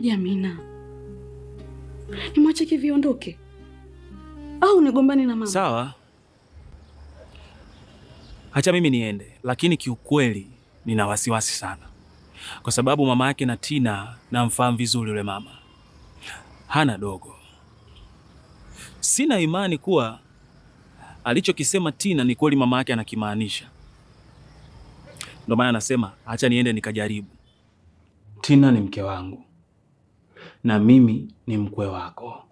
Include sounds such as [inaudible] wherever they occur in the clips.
Nifanyeje Amina? Nimwache kiviondoke au nigombane na mama? Sawa, hacha mimi niende, lakini kiukweli nina wasiwasi sana, kwa sababu mama yake na Tina namfahamu vizuri. Yule mama hana dogo. Sina imani kuwa alichokisema Tina ni kweli mama yake anakimaanisha. Ndio maana anasema acha niende nikajaribu. Tina ni mke wangu na mimi ni mkwe wako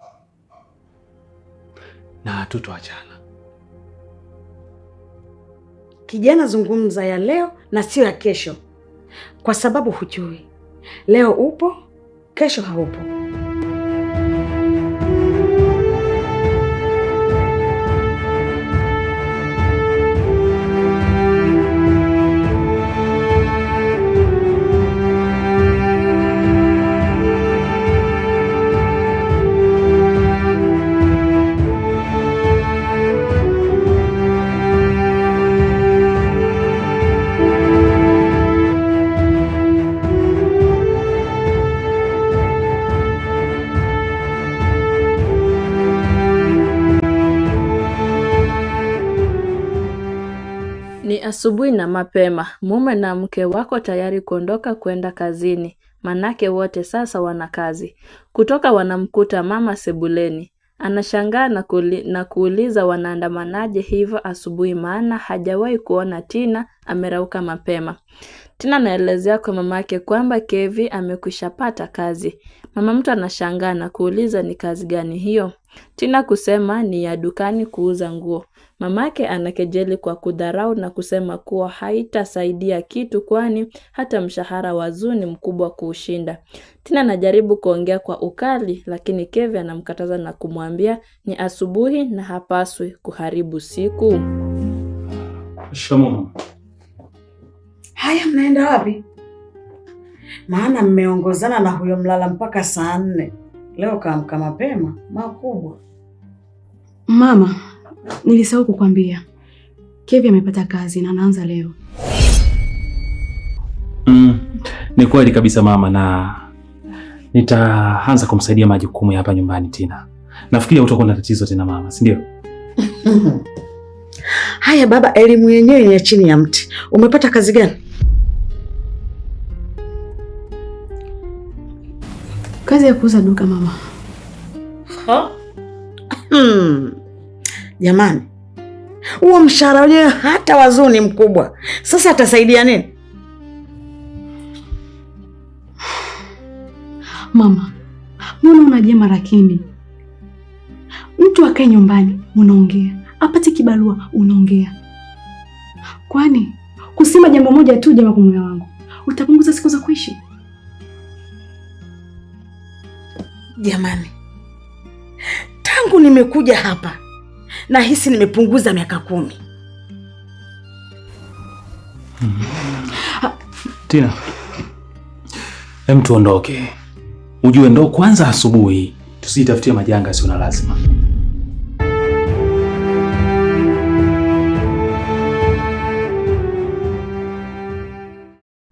na hatutoachana. Kijana, zungumza ya leo na sio ya kesho, kwa sababu hujui leo upo, kesho haupo. Asubuhi na mapema, mume na mke wako tayari kuondoka kwenda kazini, manake wote sasa wana kazi. Kutoka wanamkuta mama sebuleni. Anashangaa na, na kuuliza wanaandamanaje hivyo asubuhi maana hajawahi kuona Tina amerauka mapema. Tina anaelezea kwa mamake kwamba Kevi amekwishapata kazi. Mama mtu anashangaa na kuuliza ni kazi gani hiyo? Tina kusema ni ya dukani kuuza nguo. Mamake anakejeli kwa kudharau na kusema kuwa haitasaidia kitu kwani hata mshahara wa Zuu ni mkubwa kuushinda. Tina anajaribu kuongea kwa ukali lakini Kevi anamkataza na kumwambia ni asubuhi na hapaswi kuharibu siku. Shikamoo. Haya, mnaenda wapi? Maana mmeongozana na huyo mlala mpaka saa nne. Leo kaamka mapema makubwa. Mama, nilisahau kukwambia Kevi amepata kazi na anaanza leo. Mm, ni kweli kabisa mama, na nitaanza kumsaidia majukumu ya hapa nyumbani tena. Nafikiri utakuwa na tatizo tena mama, si ndio? [laughs] Haya baba, elimu yenyewe ni ya chini ya mti. Umepata kazi gani? kazi ya kuuza duka mama. Ha? Hmm. Jamani, huo mshahara wenyewe hata wazuu ni mkubwa, sasa atasaidia nini mama? Mbona unajema? rakini Mtu akae nyumbani unaongea, apate kibarua unaongea. Kwani kusema jambo moja tu, jamaa kwa mume wangu, utapunguza siku za kuishi? Jamani, tangu nimekuja hapa nahisi nimepunguza miaka kumi. Hmm. Tina, hem, tuondoke. Ujue ndo kwanza asubuhi, tusijitafutie majanga sio na lazima.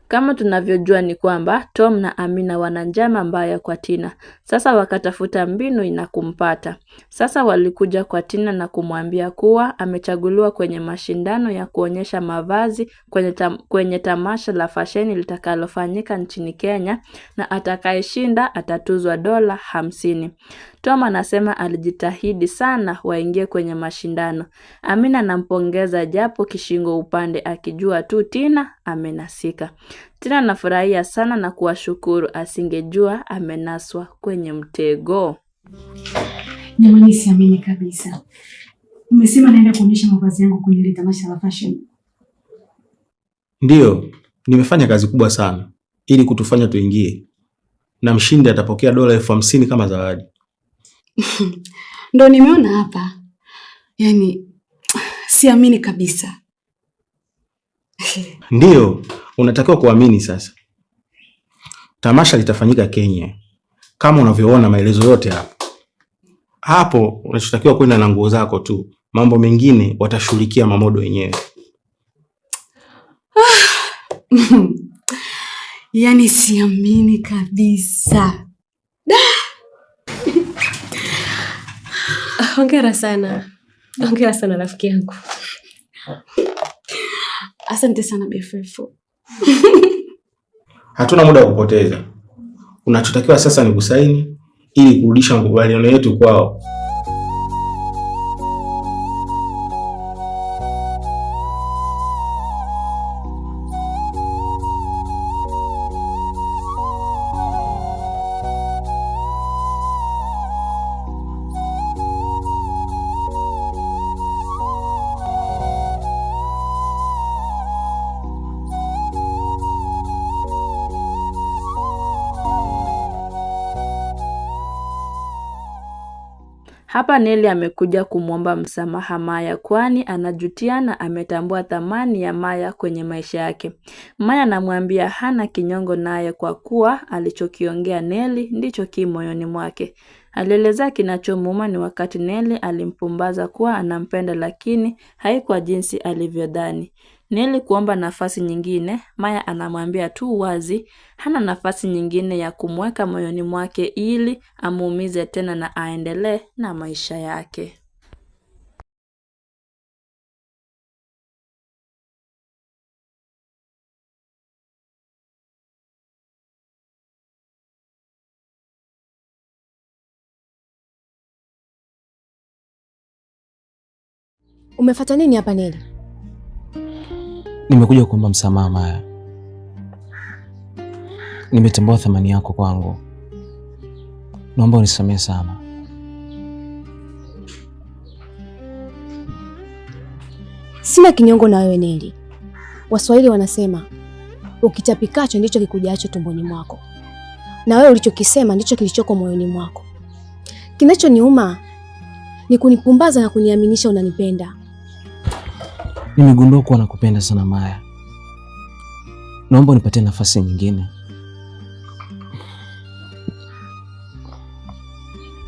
Kama tunavyojua ni kwamba Tom na Amina wana njama mbaya kwa Tina. Sasa wakatafuta mbinu ina kumpata. Sasa walikuja kwa Tina na kumwambia kuwa amechaguliwa kwenye mashindano ya kuonyesha mavazi kwenye, tam, kwenye tamasha la fasheni litakalofanyika nchini Kenya na atakayeshinda atatuzwa dola hamsini. Tom anasema alijitahidi sana waingie kwenye mashindano. Amina anampongeza japo kishingo upande akijua tu Tina amenasika. Tina anafurahia sana na kuwashukuru asingejua amenaswa kwenye mtego. Jamani siamini kabisa. Umesema naenda kuonyesha mavazi yangu kwenye ile tamasha la fashion. Ndiyo, nimefanya kazi kubwa sana ili kutufanya tuingie, na mshindi atapokea dola elfu hamsini kama zawadi. [laughs] Ndo nimeona hapa, yaani siamini kabisa. [laughs] Ndiyo, unatakiwa kuamini sasa. Tamasha litafanyika Kenya kama unavyoona maelezo yote hapo Hapo unachotakiwa kwenda na nguo zako tu, mambo mengine watashughulikia mamodo wenyewe. [sighs] Yaani siamini kabisa da! Hongera sana, ah. hongera sana rafiki yangu. Ah. Asante sana BFF. [laughs] Hatuna muda wa kupoteza, unachotakiwa sasa ni kusaini ili kurudisha makubaliano yetu kwao. Hapa neli amekuja kumwomba msamaha Maya kwani anajutia na ametambua thamani ya Maya kwenye maisha yake. Maya anamwambia hana kinyongo naye kwa kuwa alichokiongea neli ndicho ki moyoni mwake. Alielezea kinachomuuma ni wakati neli alimpumbaza kuwa anampenda lakini haikuwa jinsi alivyodhani neli kuomba nafasi nyingine, Maya anamwambia tu wazi hana nafasi nyingine ya kumweka moyoni mwake ili amuumize tena na aendelee na maisha yake. Umefata nini hapa Neli? nimekuja kuomba msamaha Maya. Nimetambua thamani yako kwangu, naomba unisamehe sana. Sina kinyongo na wewe Neli. Waswahili wanasema ukitapikacho ndicho kikujacho tumboni mwako, na wewe ulichokisema ndicho kilichoko moyoni mwako. Kinachoniuma ni kunipumbaza na kuniaminisha unanipenda Nimegundua kuwa nakupenda sana Maya, naomba unipatie nafasi nyingine.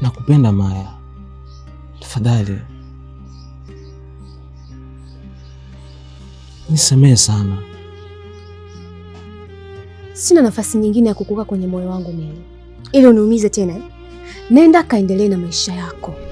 Nakupenda Maya, tafadhali nisamehe sana. Sina nafasi nyingine ya kukuka kwenye moyo wangu mimi ili uniumize tena. Eh? Nenda kaendelee na maisha yako.